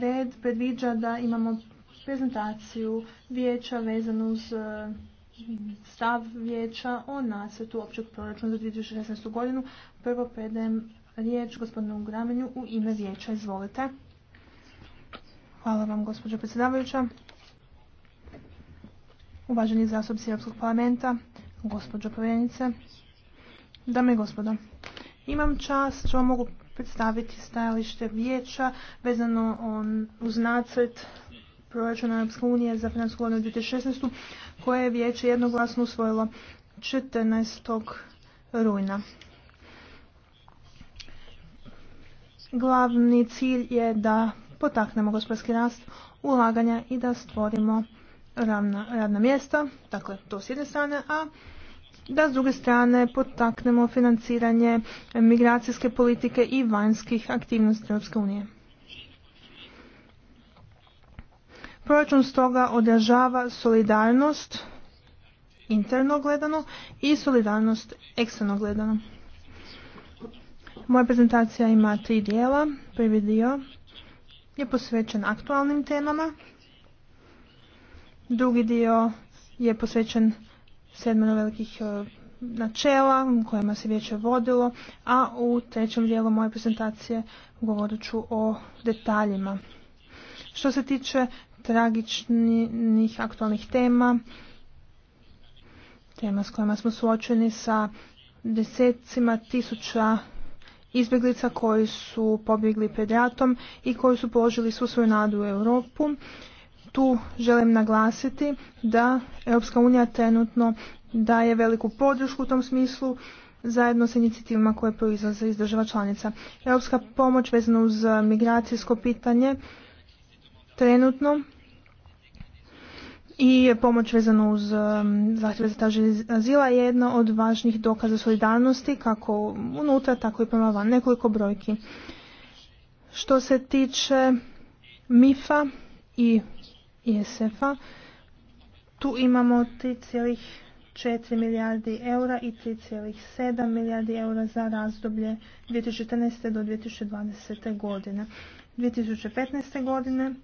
red predviđa da imamo prezentaciju vijeća vezanu uz e, stav vijeća o nasvetu općeg proračuna za 2016. godinu. Prvo predajem riječ gospodinu Gramenju u ime vijeća. Izvolite. Hvala vam gospođo predsjedavajuća. Uvaženi zastupci Europskog parlamenta, gospođo povjerenice, dame i gospodo. Imam čast što mogu predstaviti stajalište vijeća vezano on uz nacrt proračuna Europske unije za financijsku godinu 2016. koje je vijeće jednoglasno usvojilo 14. rujna. Glavni cilj je da potaknemo gospodarski rast, ulaganja i da stvorimo radna mjesta, dakle to s jedne strane, a da s druge strane potaknemo financiranje migracijske politike i vanjskih aktivnosti Europske unije. Proračun stoga odražava solidarnost interno gledano i solidarnost eksterno gledano. Moja prezentacija ima tri dijela. Prvi dio je posvećen aktualnim temama. Drugi dio je posvećen sedmano velikih e, načela kojima se vijeće vodilo, a u trećem dijelu moje prezentacije govorit ću o detaljima. Što se tiče tragičnih aktualnih tema, tema s kojima smo suočeni sa desecima tisuća izbjeglica koji su pobjegli pred ratom i koji su položili svu svoju nadu u Europu tu želim naglasiti da Europska unija trenutno daje veliku podršku u tom smislu zajedno sa inicijativama koje proizlaze iz država članica. Europska pomoć vezana uz e, migracijsko pitanje trenutno i pomoć vezana uz e, zahtjeve za traženje azila je jedna od važnijih dokaza solidarnosti kako unutra, tako i prema van. Nekoliko brojki. Što se tiče MIFA i ISF-a. E tu imamo 3,4 milijardi eura i 3,7 milijardi eura za razdoblje 2014. do 2020. godine. 2015. godine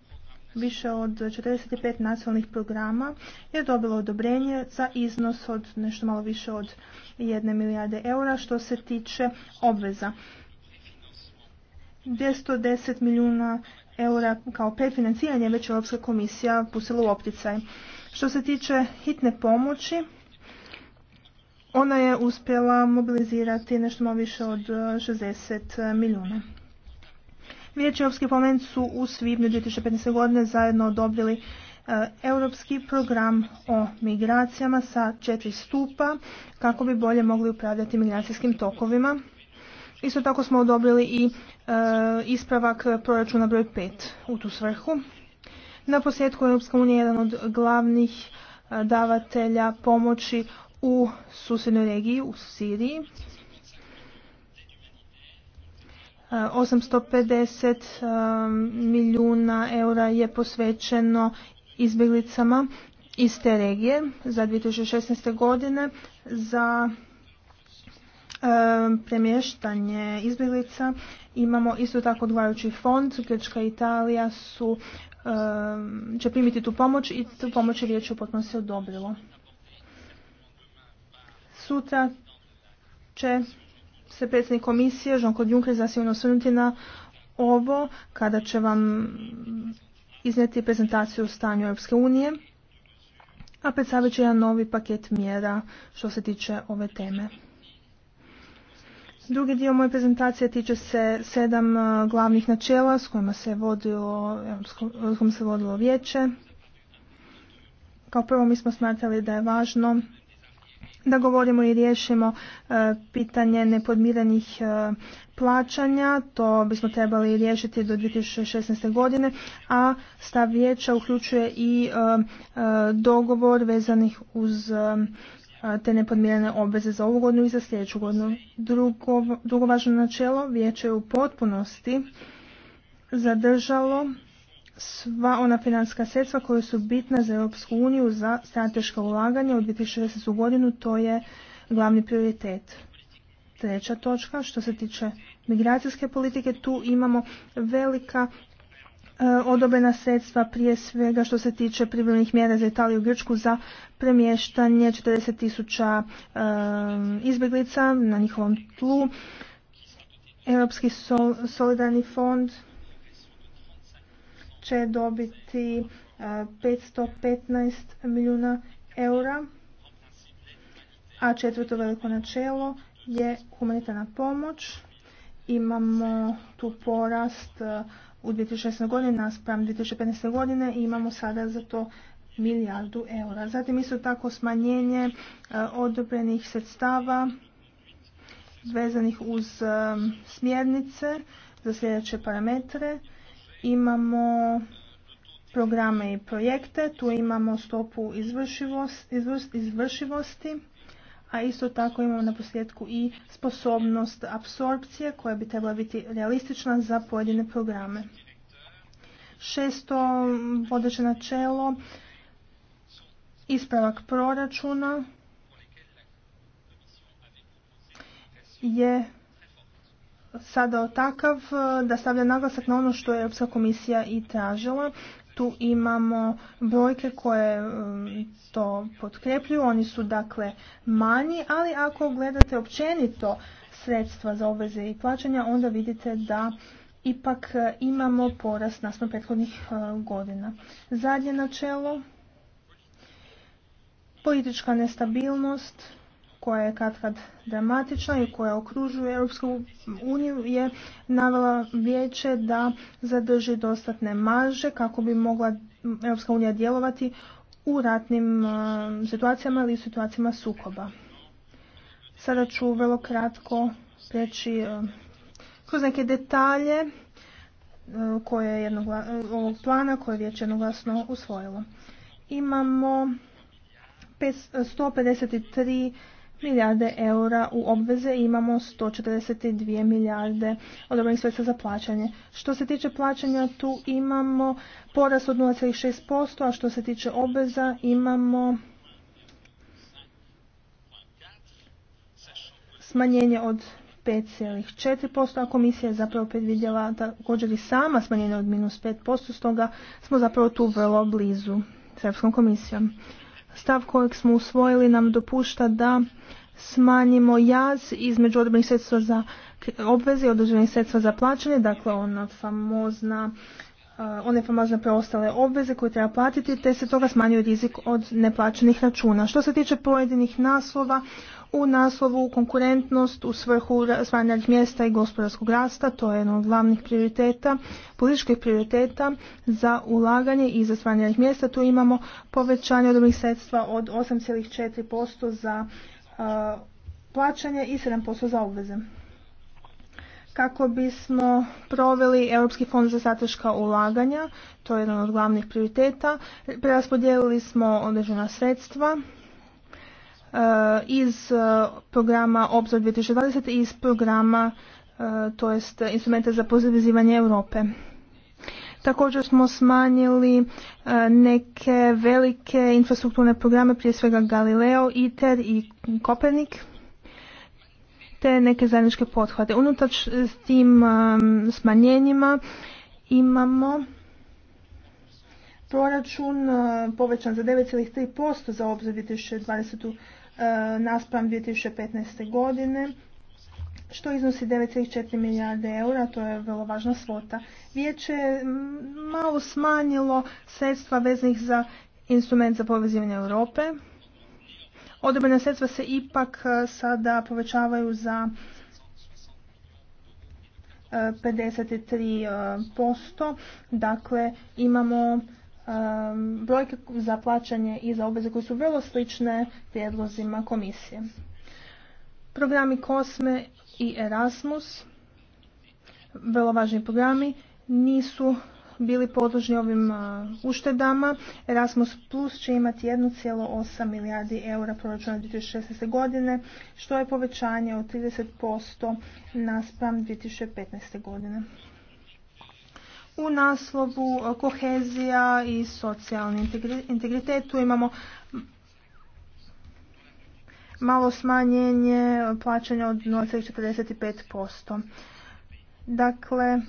više od 45 nacionalnih programa je dobilo odobrenje za iznos od nešto malo više od 1 milijarde eura što se tiče obveza. 210 milijuna eura kao predfinanciranje već Europska komisija pustila u opticaj. Što se tiče hitne pomoći, ona je uspjela mobilizirati nešto malo više od 60 e, e, milijuna. Vijeći Europski parlament su u svibnju 2015. godine zajedno odobrili e, europski program o migracijama sa četiri stupa kako bi bolje mogli upravljati migracijskim tokovima Isto tako smo odobrili i e, ispravak proračuna broj 5 u tu svrhu. Na posljedku Europska unija je jedan od glavnih e, davatelja pomoći u susjednoj regiji, u Siriji. 850 e, milijuna eura je posvećeno izbjeglicama iz te regije za 2016. godine za premještanje izbjeglica. Imamo isto tako odgovarajući fond. Grčka i Italija su, će primiti tu pomoć i tu pomoć je riječ u potpunosti odobrilo. Sutra će se predsjednik komisije Jean-Claude Juncker zasigurno osvrnuti na ovo kada će vam iznijeti prezentaciju o stanju Europske unije, a predstavit će jedan novi paket mjera što se tiče ove teme. Drugi dio moje prezentacije tiče se sedam e, glavnih načela s kojima se vodilo, kojima se vodilo vijeće. Kao prvo mi smo smatrali da je važno da govorimo i riješimo e, pitanje nepodmirenih e, plaćanja, to bismo trebali riješiti do 2016. godine, a stav vijeća uključuje i dogovor vezanih uz te nepodmirene obveze za ovu godinu i za sljedeću godinu. Drugo, drugo važno načelo, vijeće je u potpunosti zadržalo sva ona financijska sredstva koja su bitna za Europsku uniju za strateška ulaganja u 2016. godinu, to je glavni prioritet. Treća točka, što se tiče migracijske politike, tu imamo velika E, odobrena sredstva prije svega što se tiče privremenih mjera za Italiju i Grčku za premještanje 40 tisuća e, izbjeglica na njihovom tlu. Europski solidarni fond će dobiti 515 e, milijuna eura, a četvrto veliko načelo je humanitarna pomoć. Imamo tu porast u 2016. godini naspram 2015. godine i imamo sada za to milijardu eura. Zatim isto tako smanjenje e, odobrenih sredstava vezanih uz e, smjernice za sljedeće parametre. Imamo programe i projekte, tu imamo stopu izvršivosti a isto tako imamo na posljedku i sposobnost apsorpcije koja bi trebala biti realistična za pojedine programe. Šesto vodeće načelo, ispravak proračuna je sada takav da stavlja naglasak na ono što je Europska komisija i tražila, tu imamo brojke koje um, to potkrepljuju, oni su dakle manji, ali ako gledate općenito sredstva za obveze i plaćanja, onda vidite da ipak uh, imamo porast nasma prethodnih uh, godina. Zadnje načelo, politička nestabilnost, koja je katkad dramatična i koja okružuje Europsku uniju je navela vijeće da zadrži dostatne marže kako bi mogla Europska unija djelovati u ratnim e, situacijama ili situacijama sukoba. Sada ću vrlo kratko preći e, kroz neke detalje e, koje je ovog plana koje je vijeće jednoglasno usvojilo. Imamo 153 milijarde eura u obveze i imamo 142 milijarde odobrenih sredstva za plaćanje. Što se tiče plaćanja tu imamo porast od 0,6%, a što se tiče obveza imamo smanjenje od 5,4%, a komisija je zapravo predvidjela također i sama smanjenje od minus 5%, stoga smo zapravo tu vrlo blizu s Europskom komisijom stav kojeg smo usvojili nam dopušta da smanjimo jaz između odobrenih sredstva za obveze i određenih sredstva za plaćanje, dakle ona famozna uh, one famozne preostale obveze koje treba platiti, te se toga smanjuje rizik od neplaćenih računa. Što se tiče pojedinih naslova, u naslovu konkurentnost u svrhu smanjenih mjesta i gospodarskog rasta. To je jedan od glavnih prioriteta, političkih prioriteta za ulaganje i za mjesta. Tu imamo povećanje odobnih sredstva od 8,4% za plaćanje i 7% za obveze kako bismo proveli Europski fond za strateška ulaganja, to je jedan od glavnih prioriteta, preraspodijelili smo određena sredstva Eh, iz eh, programa Obzor 2020 i iz programa eh, to jest instrumenta za pozivizivanje Europe. Također smo smanjili neke velike infrastrukturne programe, prije svega Galileo, ITER i Kopernik, te neke zajedničke pothvate. Unutač s tim smanjenjima imamo proračun povećan za 9,3% za obzor 2020. E, naspram 2015. godine što iznosi 9,4 milijarde eura, to je vrlo važna svota. Vijeće je malo smanjilo sredstva veznih za instrument za povezivanje Europe. Odobrena sredstva se ipak e, sada povećavaju za 53%, e, dakle imamo um, brojke za plaćanje i za obveze koje su vrlo slične prijedlozima komisije. Programi Kosme i Erasmus, vrlo važni programi, nisu bili podložni ovim uštedama. Erasmus Plus će imati 1,8 milijardi eura proračuna 2016. godine, što je povećanje od 30% naspram 2015. godine. U naslovu e, kohezija i socijalni integritet tu imamo malo smanjenje plaćanja od 0,45%. Dakle,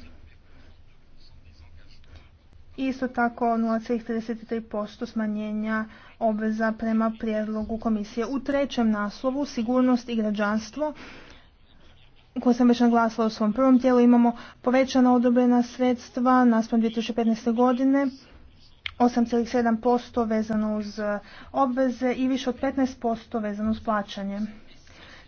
isto tako 0,33% smanjenja obveza prema prijedlogu komisije. U trećem naslovu, sigurnost i građanstvo, koje sam već naglasila u svom prvom tijelu, imamo povećana odobrena sredstva naspram 2015. godine, 8,7% vezano uz e, obveze i više od 15% vezano uz plaćanje.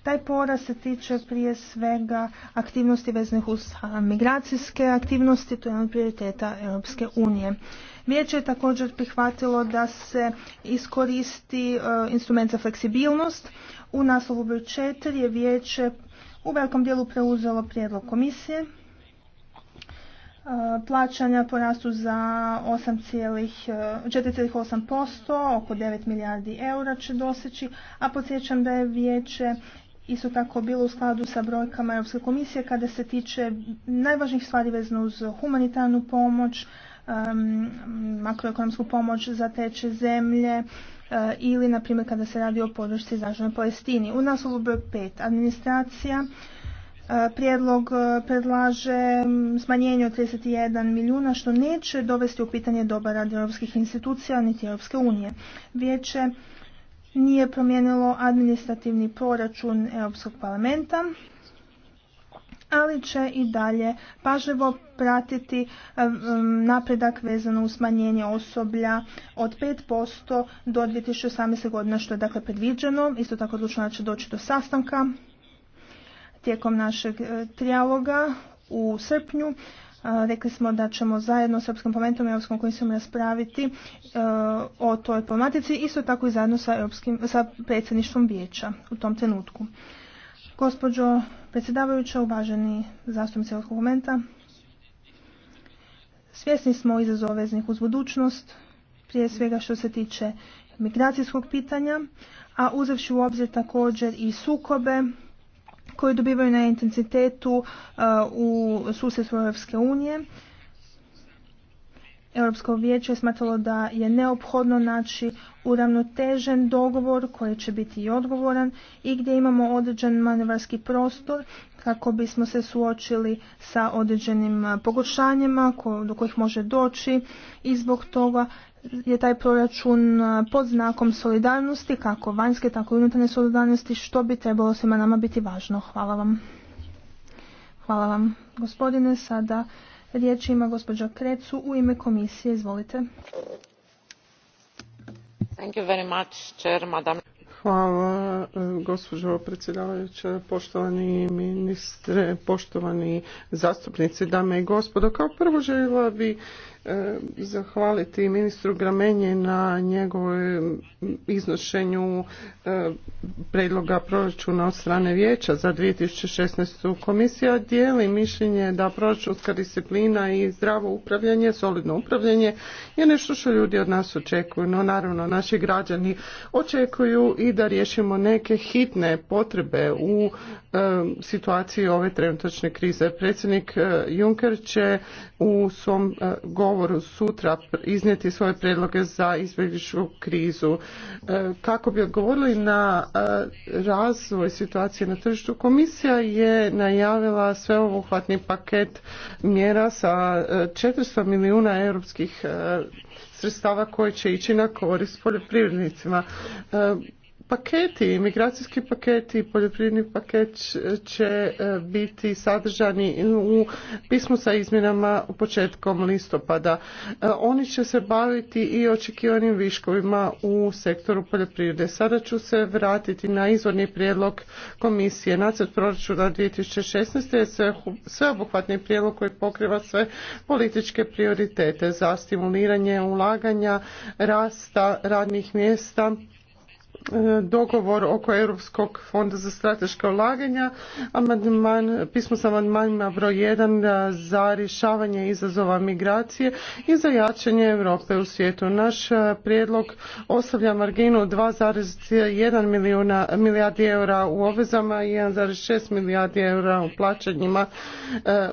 Taj poraz se tiče prije svega aktivnosti vezanih uz migracijske aktivnosti, to je jedan od prioriteta Europske unije. Vijeće je također prihvatilo da se iskoristi e, instrument za fleksibilnost. U naslovu broj 4 je vijeće u velikom dijelu preuzelo prijedlog komisije. E, plaćanja porastu za 4,8%, e, oko 9 milijardi eura će doseći, a podsjećam da je vijeće isto tako bilo u skladu sa brojkama Europske komisije kada se tiče najvažnijih stvari vezano uz humanitarnu pomoć, makroekonomsku pomoć za teče zemlje, E, ili, na primjer, kada se radi o podršci izraženoj Palestini. U naslovu broj 5 administracija e, prijedlog e, predlaže smanjenje od 31 milijuna što neće dovesti u pitanje dobar rad europskih institucija niti Europske unije. Vijeće nije promijenilo administrativni proračun Europskog parlamenta ali će i dalje pažljivo pratiti napredak vezano u smanjenje osoblja od 5% do 2018. godine što je dakle predviđeno. Isto tako odlučno da će doći do sastanka tijekom našeg e, trijaloga u srpnju. E, rekli smo da ćemo zajedno s Europskom parlamentom i Europskom komisijom raspraviti e, o toj problematici, isto tako i zajedno sa predsjedništvom vijeća u tom trenutku. Gospođo predsjedavajuća, uvaženi zastupnici ovog komenta, svjesni smo izazove veznih uz budućnost, prije svega što se tiče migracijskog pitanja, a uzevši u obzir također i sukobe koji dobivaju na intenzitetu uh, u susjedstvu Europske unije, Europsko vijeće je smatralo da je neophodno naći uravnotežen dogovor koji će biti i odgovoran i gdje imamo određen manevarski prostor kako bismo se suočili sa određenim pogoršanjima do kojih može doći i zbog toga je taj proračun pod znakom solidarnosti, kako vanjske, tako i unutarnje solidarnosti, što bi trebalo svima nama biti važno. Hvala vam. Hvala vam, gospodine. Sada Riječ ima gospođa Krecu u ime komisije. Izvolite. Thank you very much, chair, madam. Hvala, gospođo predsjedavajuća, poštovani ministre, poštovani zastupnici, dame i gospodo. Kao prvo željela bi E, zahvaliti ministru Gramenje na njegovom iznošenju e, predloga proračuna od strane vijeća za 2016. Komisija dijeli mišljenje da proračunska disciplina i zdravo upravljanje, solidno upravljanje je nešto što ljudi od nas očekuju. No naravno naši građani očekuju i da riješimo neke hitne potrebe u e, situaciji ove trenutačne krize. Predsjednik Juncker će u svom govoru govoru sutra iznijeti svoje predloge za izbjegličku krizu e, kako bi odgovorili na e, razvoj situacije na tržištu komisija je najavila sveobuhvatni paket mjera sa 400 e, milijuna europskih sredstava koje će ići na korist poljoprivrednicima Paketi, migracijski paketi, poljoprivredni paket će e, biti sadržani u pismu sa izmjenama početkom listopada. E, oni će se baviti i očekivanim viškovima u sektoru poljoprivrede. Sada ću se vratiti na izvorni prijedlog komisije. Nacrt proračuna 2016. je sveobuhvatni prijedlog koji pokriva sve političke prioritete za stimuliranje ulaganja, rasta radnih mjesta, dogovor oko Europskog fonda za strateška ulaganja, pismo sa amandmanima broj 1 za rješavanje izazova migracije i za jačanje Europe u svijetu. Naš prijedlog ostavlja marginu 2,1 milijuna, milijardi eura u obvezama i 1,6 milijardi eura u plaćanjima e,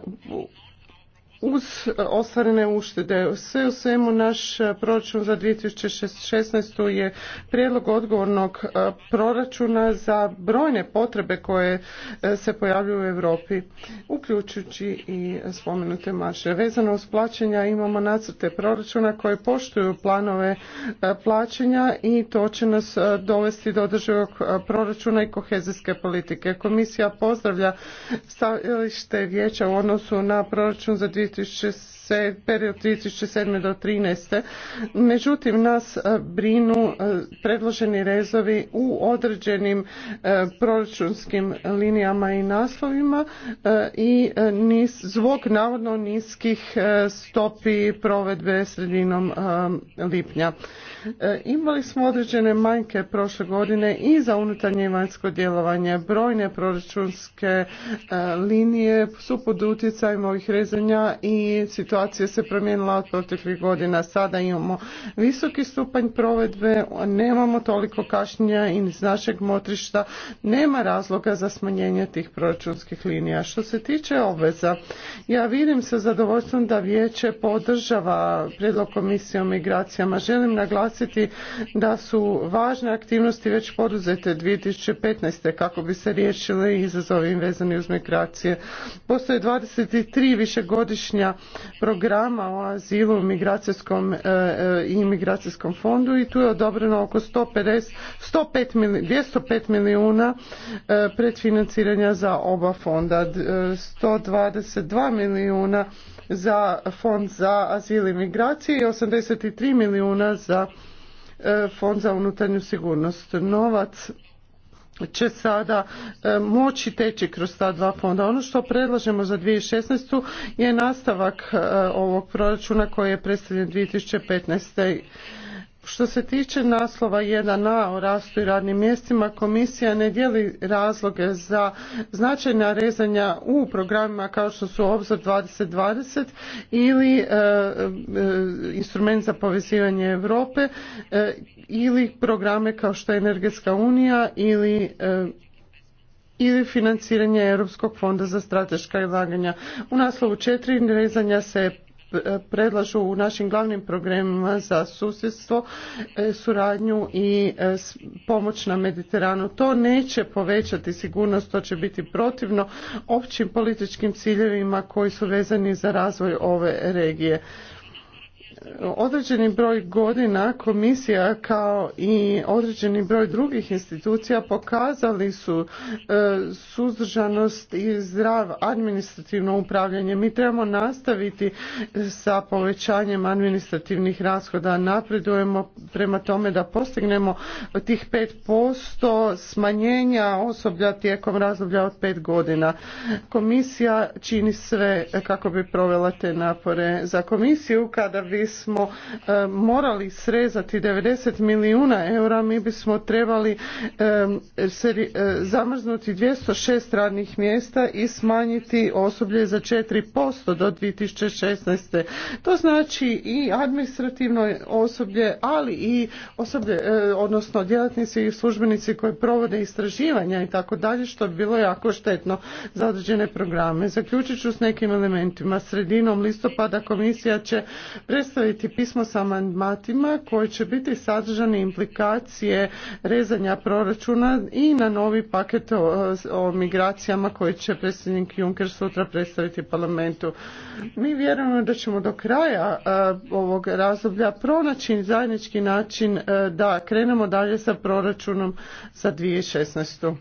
uz ostvarene uštede. Sve u svemu naš e, proračun za 2016. je prijedlog odgovornog e, proračuna za brojne potrebe koje e, se pojavljuju u Europi, uključujući i spomenute marše. Vezano uz plaćanja imamo nacrte proračuna koje poštuju planove plaćanja i to će nas dovesti do održivog proračuna i kohezijske politike. Komisija pozdravlja stajalište vijeća u odnosu na proračun za 2016 šest se period 2007. do 2013. Međutim, nas e, brinu e, predloženi rezovi u određenim e, proračunskim linijama i naslovima i zbog navodno niskih stopi provedbe sredinom lipnja. Imali smo određene manjke prošle godine i za unutarnje i vanjsko djelovanje. Brojne proračunske linije su pod utjecajem ovih rezanja i situacije situacija se promijenila od proteklih godina. Sada imamo visoki stupanj provedbe, nemamo toliko kašnjenja i iz našeg motrišta nema razloga za smanjenje tih proračunskih linija. Što se tiče obveza, ja vidim sa zadovoljstvom da vijeće podržava predlog komisije o migracijama. Želim naglasiti da su važne aktivnosti već poduzete 2015. kako bi se riješili izazovi vezani uz migracije. Postoje 23 višegodišnja programa o azilu migracijskom e, e, i migracijskom fondu i tu je odobreno oko 150, 205 milijuna e, predfinanciranja za oba fonda, 122 milijuna za fond za azil i migracije i 83 milijuna za fond za unutarnju sigurnost. Novac će sada e, moći teći kroz ta dva fonda. Ono što predlažemo za 2016. je nastavak e, ovog proračuna koji je predstavljen 2015 što se tiče naslova 1a o rastu i radnim mjestima, komisija ne dijeli razloge za značajna rezanja u programima kao što su Obzor 2020 ili e, e, instrument za povezivanje Europe e, ili programe kao što je Energetska unija ili ili financiranje Europskog fonda za strateška ulaganja. U naslovu četiri rezanja se predlažu u našim glavnim programima za susjedstvo, e, suradnju i e, pomoć na Mediteranu. To neće povećati sigurnost, to će biti protivno općim političkim ciljevima koji su vezani za razvoj ove regije određeni broj godina komisija kao i određeni broj drugih institucija pokazali su e, suzdržanost i zdrav administrativno upravljanje. Mi trebamo nastaviti sa povećanjem administrativnih rashoda. Napredujemo prema tome da postignemo tih 5% smanjenja osoblja tijekom razdoblja od 5 godina. Komisija čini sve kako bi provela te napore. Za komisiju kada bi smo e, morali srezati 90 milijuna eura, mi bismo trebali e, e, zamrznuti 206 radnih mjesta i smanjiti osoblje za 4% do 2016. To znači i administrativno osoblje, ali i osoblje, odnosno djelatnici i službenici koji provode istraživanja i tako dalje, što bi bilo jako štetno za određene programe. Zaključit ću s nekim elementima. Sredinom listopada komisija će predstaviti dostaviti pismo sa amandmatima koji će biti sadržani implikacije rezanja proračuna i na novi paket o, o migracijama koji će predsjednik Juncker sutra predstaviti parlamentu. Mi vjerujemo da ćemo do kraja e, ovog razdoblja pronaći zajednički način e, da krenemo dalje sa proračunom za 2016.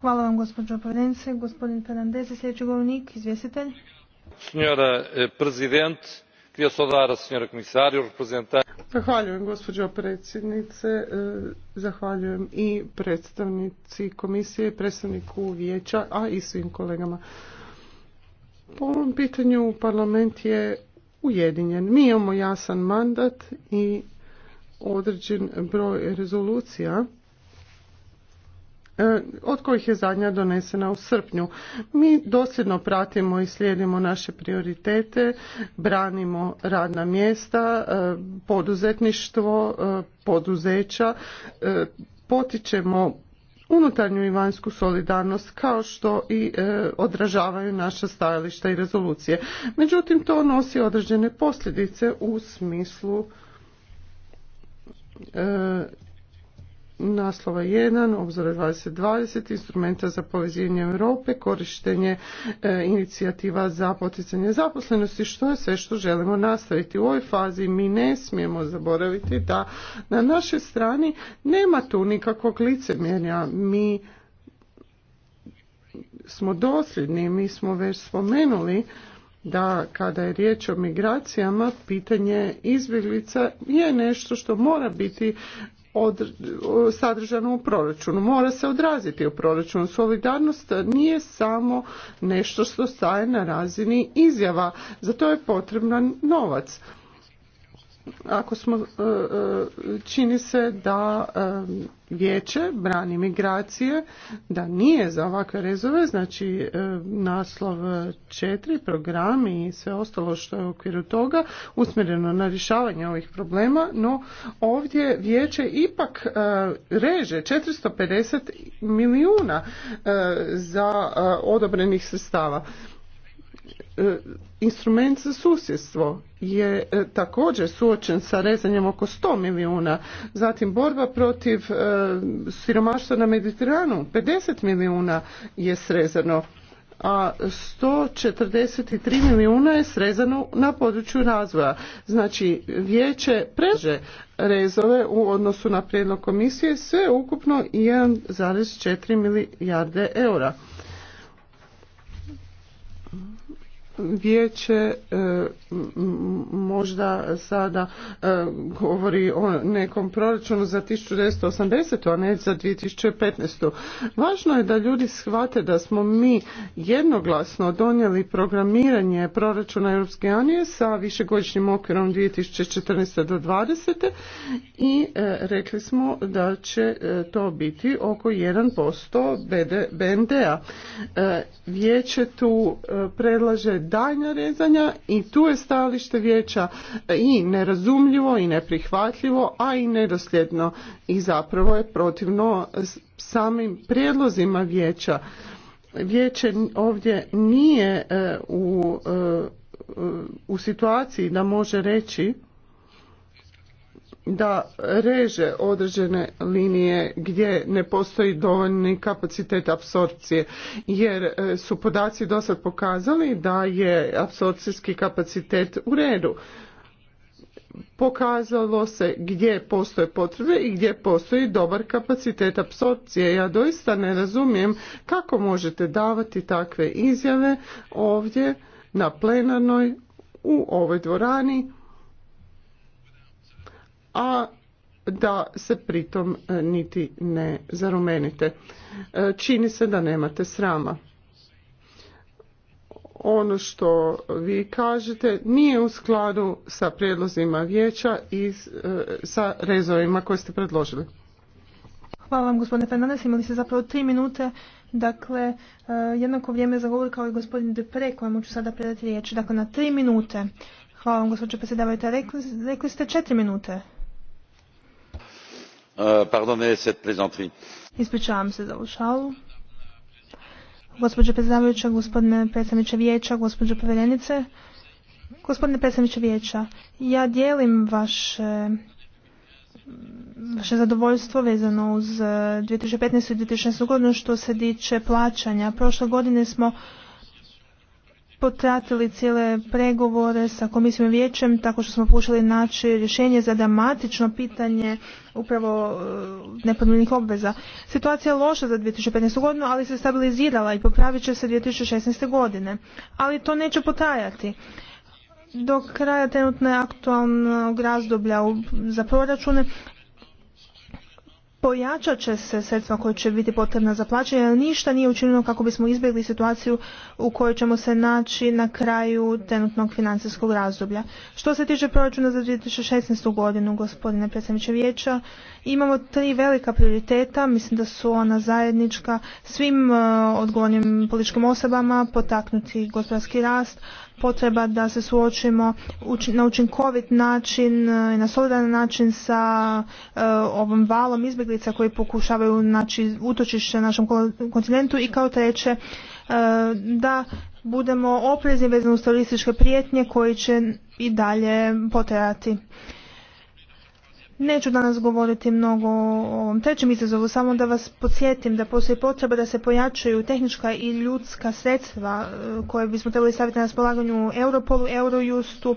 Hvala vam gospođo Povjerenice. Gospodin Fernandez je sljedeći govornik, izvjestitelj. Senjora e, prezident, Zahvaljujem gospođo predsjednice, e, zahvaljujem i predstavnici komisije, predstavniku vijeća, a i svim kolegama. Po ovom pitanju parlament je ujedinjen. Mi imamo jasan mandat i određen broj rezolucija E, od kojih je zadnja donesena u srpnju. Mi dosljedno pratimo i slijedimo naše prioritete, branimo radna mjesta, e, poduzetništvo, e, poduzeća, potičemo unutarnju i vanjsku solidarnost kao što i e, odražavaju naša stajališta i rezolucije. Međutim, to nosi određene posljedice u smislu naslova 1, obzore 2020, instrumenta za povezivanje Europe, korištenje e, inicijativa za poticanje zaposlenosti, što je sve što želimo nastaviti. U ovoj fazi mi ne smijemo zaboraviti da na našoj strani nema tu nikakvog licemjerja. Mi smo dosljedni, mi smo već spomenuli da kada je riječ o migracijama pitanje izbjeglica je nešto što mora biti sadržano u proračunu. Mora se odraziti u proračunu. Solidarnost nije samo nešto što staje na razini izjava. Za to je potreban novac ako smo, e, e, čini se da e, vijeće brani migracije, da nije za ovakve rezove, znači naslov četiri, programi i sve ostalo što je u okviru toga usmjereno na rješavanje ovih problema, no ovdje vijeće ipak reže 450 milijuna za odobrenih sredstava. E, instrument za susjedstvo je e, također suočen sa rezanjem oko 100 milijuna, zatim borba protiv e, siromaštva na Mediteranu 50 milijuna je srezano a 143 milijuna je srezano na području razvoja. Znači, vijeće preže rezove u odnosu na prijedlog komisije sve ukupno 1,4 milijarde eura. vijeće e, možda sada e, govori o nekom proračunu za 1980. a ne za 2015. Važno je da ljudi shvate da smo mi jednoglasno donijeli programiranje proračuna Europske unije sa višegodišnjim okvirom 2014. do 2020. i e, rekli smo da će to biti oko 1% BND-a. Vijeće tu predlaže daljnja rezanja i tu je stajalište vijeća i nerazumljivo i neprihvatljivo, a i nedosljedno i zapravo je protivno samim prijedlozima vijeća. Vijeće ovdje nije e, u, e, u situaciji da može reći da reže određene linije gdje ne postoji dovoljni kapacitet apsorpcije jer e, su podaci dosad pokazali da je apsorpcijski kapacitet u redu pokazalo se gdje postoje potrebe i gdje postoji dobar kapacitet apsorpcije. Ja doista ne razumijem kako možete davati takve izjave ovdje na plenarnoj u ovoj dvorani a da se pritom e, niti ne zarumenite. E, čini se da nemate srama. Ono što vi kažete nije u skladu sa prijedlozima vijeća i e, sa rezovima koje ste predložili. Hvala vam gospodine Fernandes. imali ste zapravo tri minute, dakle jednako vrijeme za govor kao i gospodin Depre kojemu ću sada predati riječ, dakle na tri minute. Hvala vam gospođo predsjedavajte, rekli ste četiri minute. Euh, cette plaisanterie. Ispričavam se za ovu šalu. Gospođo predsjedavajuća, gospodine predsjedniče vijeća, gospođo povjerenice, gospodine predsjedniče vijeća, ja dijelim vaše vaše zadovoljstvo vezano uz 2015. Eh, i 2016. godinu što se tiče plaćanja. Prošle godine smo potratili cijele pregovore sa komisijom i vijećem tako što smo pokušali naći rješenje za dramatično pitanje upravo e, nepodmirenih obveza. Situacija je loša za 2015. godinu, ali se stabilizirala i popravit će se 2016. godine. Ali to neće potajati. Do kraja trenutne aktualnog razdoblja za proračune pojačat će se sredstva koje će biti potrebna za plaćanje, ali ništa nije učinjeno kako bismo izbjegli situaciju u kojoj ćemo se naći na kraju trenutnog financijskog razdoblja. Što se tiče proračuna za 2016. godinu, gospodine predsjedniče vijeća, imamo tri velika prioriteta, mislim da su ona zajednička svim eh, odgovornim političkim osobama, potaknuti gospodarski rast, potreba da se suočimo na učinkovit način e, i na solidaran način sa e, ovom valom izbjeglica koji pokušavaju naći utočište na našem kontinentu i kao treće e, da budemo oprezni vezano uz terorističke prijetnje koje će i dalje potrajati. Neću danas govoriti mnogo o ovom trećem izazovu, samo da vas podsjetim da postoji potreba da se pojačaju tehnička i ljudska sredstva e, koje bismo trebali staviti na raspolaganju Europolu, Eurojustu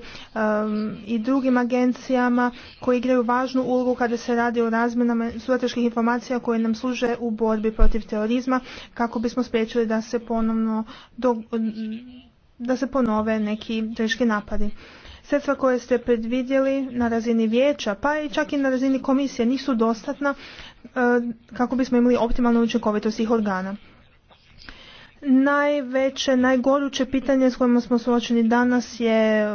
i drugim agencijama koji igraju važnu ulogu kada se radi o razmjenama strateških informacija koje nam služe u borbi protiv terorizma kako bismo spriječili da se ponovno da se ponove neki teški napadi. Sredstva koje ste predvidjeli na razini vijeća, pa i čak i na razini komisije, nisu dostatna e, kako bismo imali optimalnu učinkovitost tih organa. Najveće, najgoruće pitanje s kojima smo suočeni danas je e,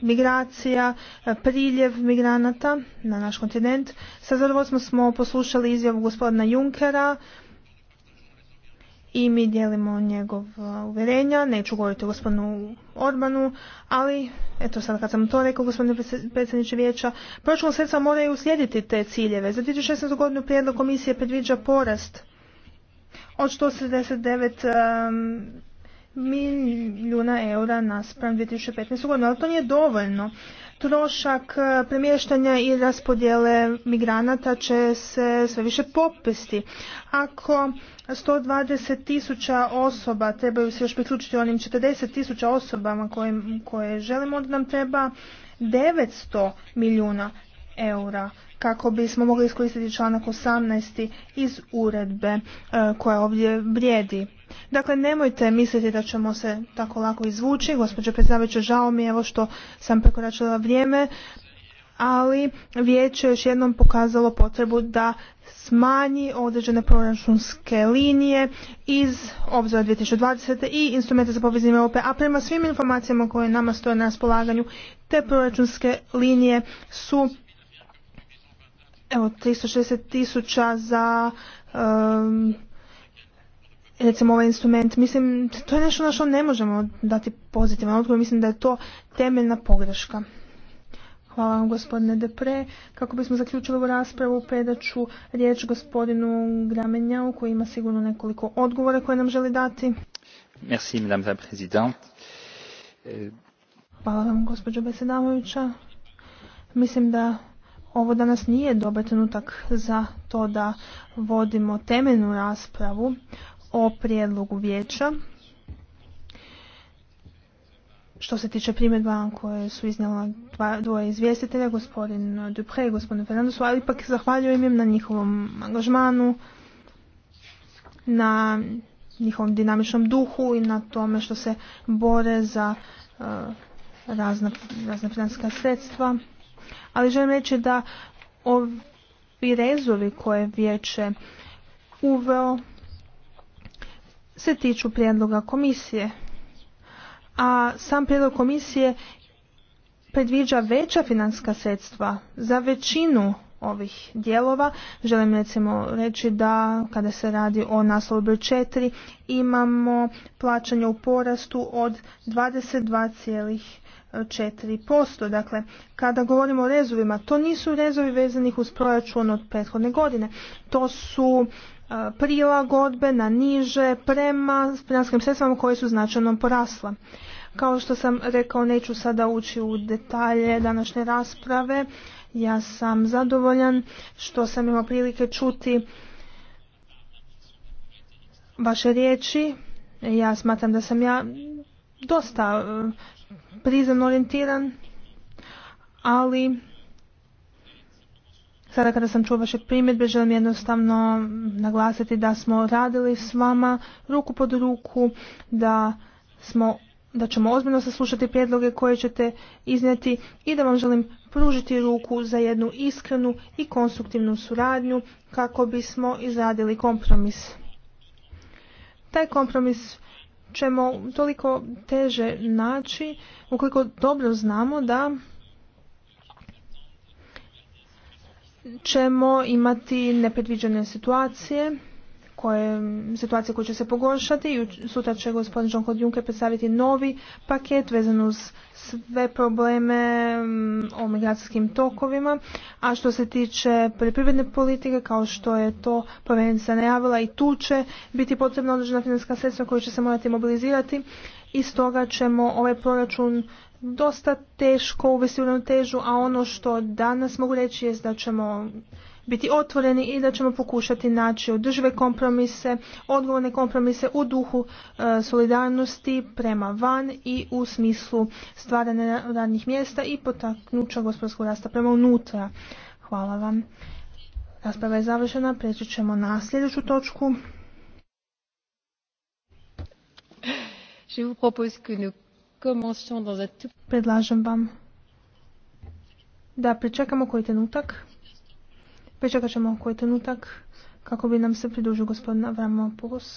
migracija, e, priljev migranata na naš kontinent. Sa zadovoljstvom smo poslušali izjavu gospodina Junkera i mi dijelimo njegov uvjerenja. Neću govoriti o gospodinu Orbanu, ali eto sad kad sam to rekao gospodine predsjedniče vijeća, proračun sredstva moraju uslijediti te ciljeve. Za 2016. godinu prijedlog komisije predviđa porast od 169 um, milijuna eura naspram 2015. godinu, ali to nije dovoljno trošak e, premještanja i raspodjele migranata će se sve više popesti. Ako 120 tisuća osoba trebaju se još priključiti onim 40 tisuća osobama koje, koje želimo, onda nam treba 900 milijuna eura kako bismo mogli iskoristiti članak 18. iz uredbe e, koja ovdje vrijedi. Dakle, nemojte misliti da ćemo se tako lako izvući. Gospođo predsjedavajuća, žao mi je evo što sam prekoračila vrijeme, ali vijeće je još jednom pokazalo potrebu da smanji određene proračunske linije iz obzora 2020. i instrumente za povezivanje Europe, a prema svim informacijama koje nama stoje na raspolaganju, te proračunske linije su evo, 360 tisuća za ehm, recimo ovaj instrument, mislim to je nešto na što ne možemo dati pozitivan odgovor, mislim da je to temeljna pogreška. Hvala vam gospodine Depre. Kako bismo zaključili ovu raspravu, predaću riječ gospodinu Gramenjau koji ima sigurno nekoliko odgovora koje nam želi dati. Merci, madame la présidente. Hvala vam gospođo predsjedavajuća. Mislim da ovo danas nije dobar trenutak za to da vodimo temeljnu raspravu o prijedlogu vijeća što se tiče primjedba koje su iznijela dvoje izvjestitelja, gospodin Dupre i gospodin Fernandesu, ali ipak zahvaljujem im na njihovom angažmanu, na njihovom dinamičnom duhu i na tome što se bore za uh, razna, razna financijska sredstva. Ali želim reći da ovi rezovi koje vijeće uveo se tiču prijedloga komisije. A sam prijedlog komisije predviđa veća finanska sredstva za većinu ovih dijelova. Želim recimo reći da kada se radi o naslovu broj 4 imamo plaćanje u porastu od 22, 4%. Dakle, kada govorimo o rezovima, to nisu rezovi vezanih uz proračun od prethodne godine. To su e, prilagodbe na niže prema financijskim sredstvima koje su značajno porasla. Kao što sam rekao, neću sada ući u detalje današnje rasprave. Ja sam zadovoljan što sam imao prilike čuti vaše riječi. Ja smatram da sam ja dosta e, prizemno orijentiran, ali sada kada sam čuo vaše primjedbe želim jednostavno naglasiti da smo radili s vama ruku pod ruku, da smo da ćemo ozbiljno saslušati prijedloge koje ćete iznijeti i da vam želim pružiti ruku za jednu iskrenu i konstruktivnu suradnju kako bismo izradili kompromis. Taj kompromis ćemo toliko teže naći ukoliko dobro znamo da ćemo imati nepredviđene situacije koje, situacije koja će se pogoršati i sutra će gospodin John Claude Juncker predstaviti novi paket vezan uz sve probleme mm, o migracijskim tokovima. A što se tiče poljoprivredne politike, kao što je to povjerenica najavila, i tu će biti potrebna određena financijska sredstva koja će se morati mobilizirati i stoga ćemo ovaj proračun dosta teško uvesti u težu, a ono što danas mogu reći je da ćemo biti otvoreni i da ćemo pokušati naći održive kompromise, odgovorne kompromise u duhu e, solidarnosti prema van i u smislu stvaranja radnih mjesta i potaknuća gospodarskog rasta prema unutra. Hvala vam. Rasprava je završena, preći ćemo na sljedeću točku. Predlažem vam da pričekamo koji trenutak. Pričekat ćemo koji trenutak kako bi nam se pridružio gospodin Avramopoulos.